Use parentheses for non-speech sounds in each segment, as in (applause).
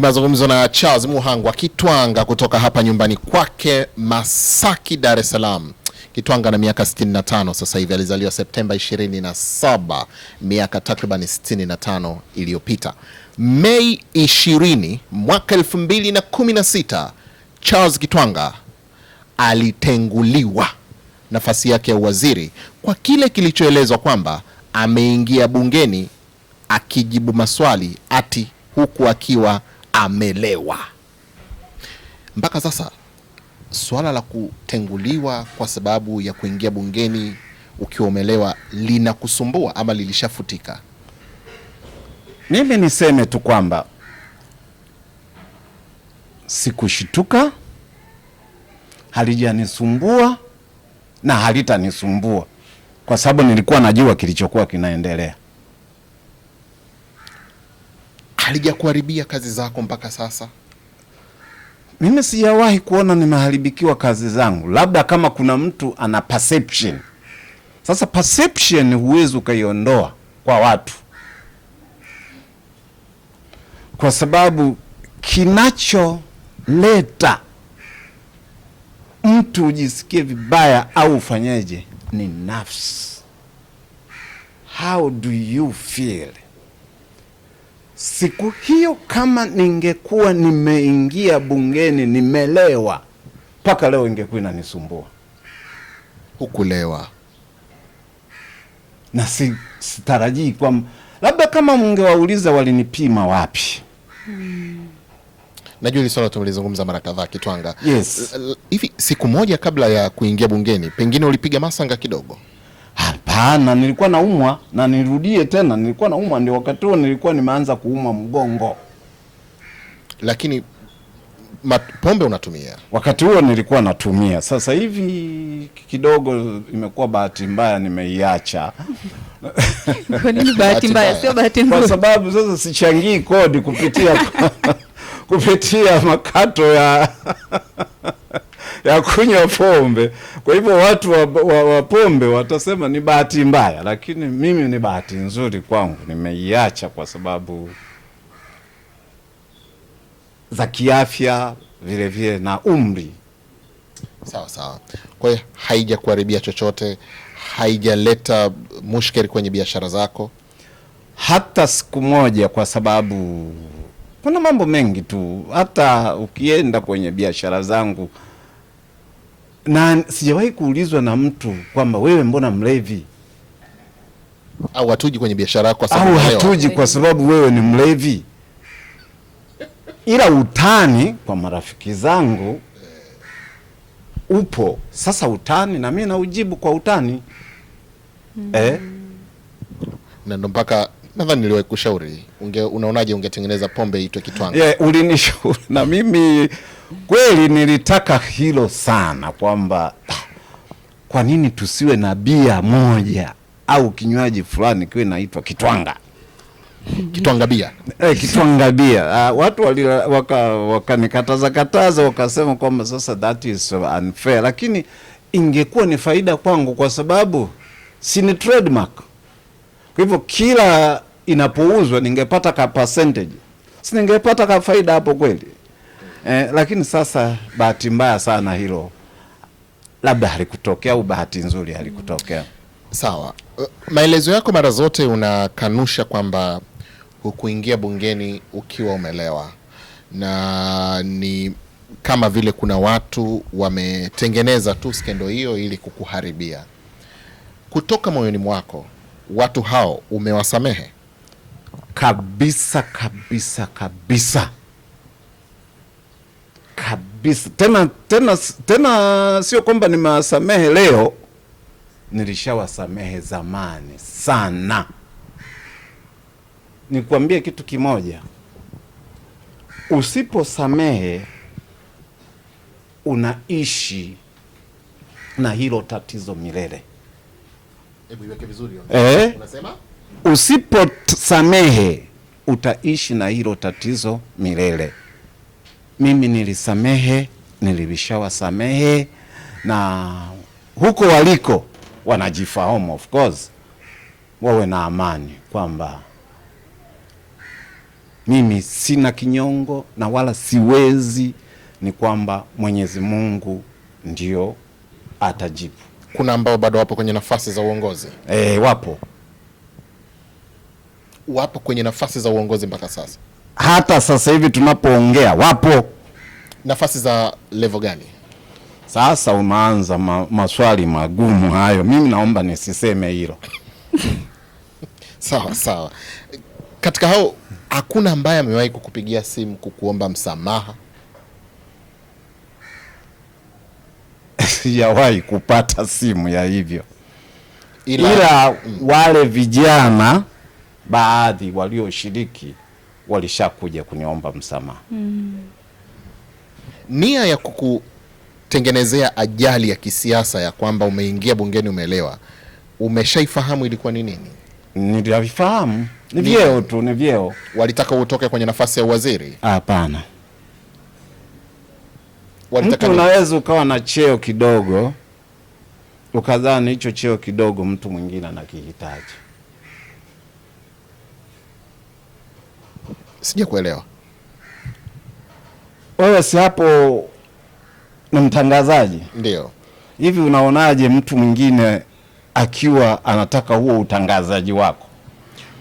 ni mazungumzo na Charles Muhangu Kitwanga kutoka hapa nyumbani kwake Masaki, Dar es Salaam. Kitwanga na miaka 65 sasa hivi, alizaliwa Septemba 27 miaka takriban 65 iliyopita. Mei 20 mwaka 2016 Charles Kitwanga alitenguliwa nafasi yake ya uwaziri kwa kile kilichoelezwa kwamba ameingia bungeni akijibu maswali ati huku akiwa amelewa. Mpaka sasa suala la kutenguliwa kwa sababu ya kuingia bungeni ukiwa umelewa linakusumbua ama lilishafutika? Mimi niseme tu kwamba sikushituka, halijanisumbua na halitanisumbua kwa sababu nilikuwa najua kilichokuwa kinaendelea. halijakuharibia kazi zako mpaka sasa? Mimi sijawahi kuona nimeharibikiwa kazi zangu, labda kama kuna mtu ana perception. Sasa perception huwezi ukaiondoa kwa watu, kwa sababu kinacholeta mtu ujisikie vibaya au ufanyeje ni nafsi. How do you feel? Siku hiyo kama ningekuwa nimeingia bungeni nimelewa, mpaka leo ingekuwa inanisumbua. Hukulewa na si, sitarajii kwa labda kama mngewauliza walinipima wapi. hmm. Najua hili swala tumelizungumza mara kadhaa Kitwanga. Yes. siku moja kabla ya kuingia bungeni, pengine ulipiga masanga kidogo nilikuwa na nilikuwa naumwa na nirudie tena, nilikuwa naumwa, ndio wakati huo nilikuwa nimeanza kuumwa mgongo. Lakini pombe unatumia? Wakati huo nilikuwa natumia, sasa hivi kidogo imekuwa bahati mbaya, nimeiacha. Kwa nini bahati mbaya? Sio bahati mbaya, kwa sababu sasa sichangii kodi kupitia (laughs) kupitia makato ya ya kunywa pombe. Kwa hivyo watu wa, wa, wa pombe watasema ni bahati mbaya, lakini mimi ni bahati nzuri kwangu, nimeiacha kwa sababu za kiafya vile vile na umri. Sawa sawa. Kwa hiyo kuharibia chochote, haijaleta mushkeli kwenye biashara zako hata siku moja, kwa sababu kuna mambo mengi tu. Hata ukienda kwenye biashara zangu na sijawahi kuulizwa na mtu kwamba wewe mbona mlevi au hatuji kwenye biashara yako, au hatuji kwa sababu wewe ni mlevi. Ila utani kwa marafiki zangu upo. Sasa utani na mimi naujibu kwa utani mm. eh? na ndo mpaka nadhani niliwahi kushauri unge, unaonaje ungetengeneza pombe itwe kitwanga? yeah, ulinishauri na mimi Kweli nilitaka hilo sana kwamba ah, kwa nini tusiwe na bia moja au kinywaji fulani kiwe naitwa kitwanga kitwanga bia eh, kitwanga bia. Uh, watu wakanikataza waka kataza wakasema kwamba sasa that is unfair, lakini ingekuwa ni faida kwangu kwa sababu si ni trademark. Kwa hivyo kila inapouzwa ningepata ka percentage, si ningepata ka faida hapo kweli? eh, lakini sasa bahati mbaya sana hilo labda halikutokea au bahati nzuri halikutokea. Sawa, maelezo yako mara zote unakanusha kwamba hukuingia bungeni ukiwa umelewa na ni kama vile kuna watu wametengeneza tu skendo hiyo ili kukuharibia. Kutoka moyoni mwako, watu hao umewasamehe kabisa kabisa kabisa? kabisa tena tena tena, sio kwamba nimewasamehe leo, nilishawasamehe zamani sana. Nikwambie kitu kimoja, usiposamehe unaishi na hilo tatizo milele. Hebu iweke vizuri eh? Unasema usiposamehe utaishi na hilo tatizo milele mimi nilisamehe, nilishawasamehe na huko waliko wanajifahamu, of course, wawe na amani kwamba mimi sina kinyongo na wala siwezi, ni kwamba Mwenyezi Mungu ndio atajibu. Kuna ambao bado wapo kwenye nafasi za uongozi e, wapo wapo kwenye nafasi za uongozi mpaka sasa hata sasa hivi tunapoongea wapo. Nafasi za level gani? Sasa umaanza ma, maswali magumu hayo, mimi naomba nisiseme hilo (laughs) sawa sawa. Katika hao hakuna ambaye amewahi kukupigia simu kukuomba msamaha? (laughs) Sijawahi kupata simu ya hivyo, ila, ila mm. wale vijana baadhi walioshiriki walishakuja kuniomba msamaha mm. Nia ya kukutengenezea ajali ya kisiasa ya kwamba umeingia bungeni umeelewa umeshaifahamu ilikuwa ni nini? Nilivifahamu, ni vyeo tu, ni vyeo. Walitaka utoke kwenye nafasi ya uwaziri? Hapana. Walitaka mtu unaweza ukawa na cheo kidogo ukadhani hicho cheo kidogo mtu mwingine anakihitaji. sija kuelewa. Wewe si hapo ni mtangazaji, ndio hivi, unaonaje mtu mwingine akiwa anataka huo utangazaji wako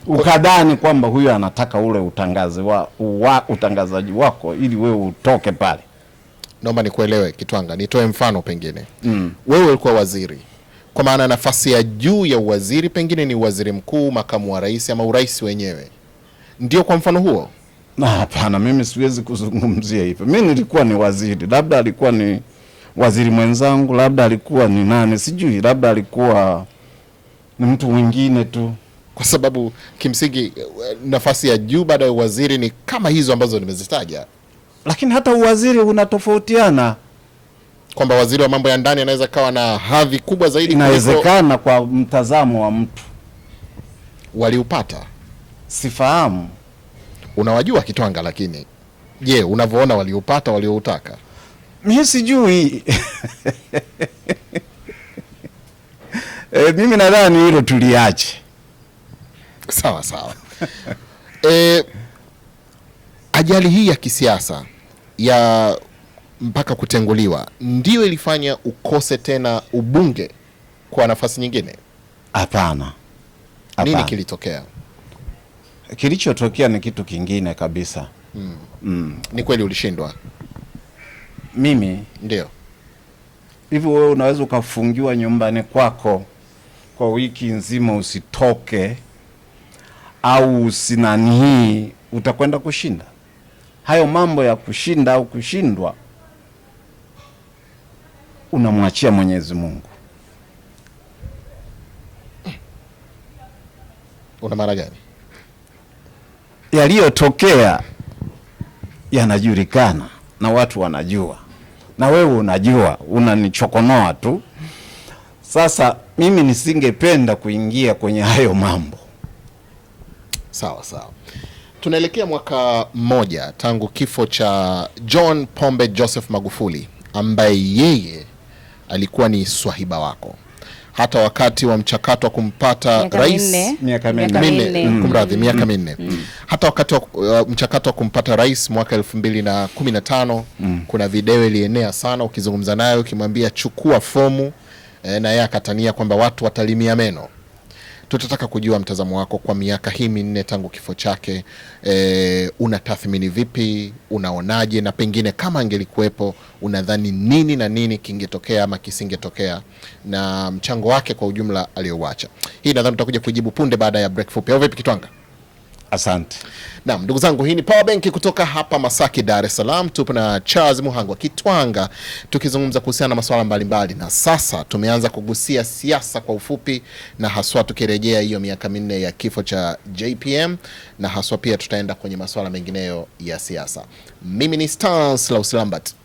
ukadhani kwamba huyo anataka ule utangazi wa, wa, utangazaji wako ili wewe utoke pale. Naomba nikuelewe Kitwanga, nitoe mfano pengine mm. Wewe ulikuwa waziri, kwa maana nafasi ya juu ya uwaziri pengine ni waziri mkuu, makamu wa rais ama urais wenyewe ndio kwa mfano huo? Hapana, mimi siwezi kuzungumzia hivyo. Mimi nilikuwa ni waziri, labda alikuwa ni waziri mwenzangu, labda alikuwa ni nani, sijui, labda alikuwa ni mtu mwingine tu, kwa sababu kimsingi nafasi ya juu baada ya uwaziri ni kama hizo ambazo nimezitaja, lakini hata uwaziri unatofautiana kwamba waziri wa mambo ya ndani anaweza kawa na hadhi kubwa zaidi. Inawezekana kwa mtazamo wa mtu waliupata sifahamu. Unawajua Kitwanga, lakini je, unavyoona waliopata walioutaka? Mimi sijui (laughs) e, mimi nadhani hilo tuliache sawa sawa. (laughs) E, ajali hii ya kisiasa ya mpaka kutenguliwa ndio ilifanya ukose tena ubunge kwa nafasi nyingine? Hapana, nini kilitokea? Kilichotokea ni kitu kingine kabisa. mm. Mm. Ni kweli ulishindwa? Mimi ndio hivyo. Wewe unaweza ukafungiwa nyumbani kwako kwa wiki nzima usitoke au usinanihii, utakwenda kushinda? Hayo mambo ya kushinda au kushindwa unamwachia Mwenyezi Mungu. Una maana gani? yaliyotokea yanajulikana na watu wanajua, na wewe unajua, unanichokonoa tu. Sasa mimi nisingependa kuingia kwenye hayo mambo. Sawa sawa. Tunaelekea mwaka mmoja tangu kifo cha John Pombe Joseph Magufuli ambaye yeye alikuwa ni swahiba wako hata wakati wa mchakato wa kumpata miaka rais miaka minne mm, kumradhi, mm. miaka mm. minne hata wakati wa uh, mchakato wa kumpata rais mwaka elfu mbili na kumi na tano mm. kuna video ilienea sana, ukizungumza naye ukimwambia chukua fomu eh, na yeye akatania kwamba watu watalimia meno tutataka kujua mtazamo wako kwa miaka hii minne tangu kifo chake. E, unatathmini vipi? Unaonaje? na pengine kama angelikuwepo unadhani nini na nini kingetokea ama kisingetokea, na mchango wake kwa ujumla aliyouacha. Hii nadhani tutakuja kujibu punde baada ya break fupi, au vipi Kitwanga? Asante. nam ndugu zangu, hii ni Power Bank kutoka hapa Masaki, Dar es Salaam. Tupo na Charles Muhango Kitwanga tukizungumza kuhusiana na masuala mbalimbali, na sasa tumeanza kugusia siasa kwa ufupi, na haswa tukirejea hiyo miaka minne ya kifo cha JPM, na haswa pia tutaenda kwenye masuala mengineyo ya siasa. Mimi ni Stans Lauslambert.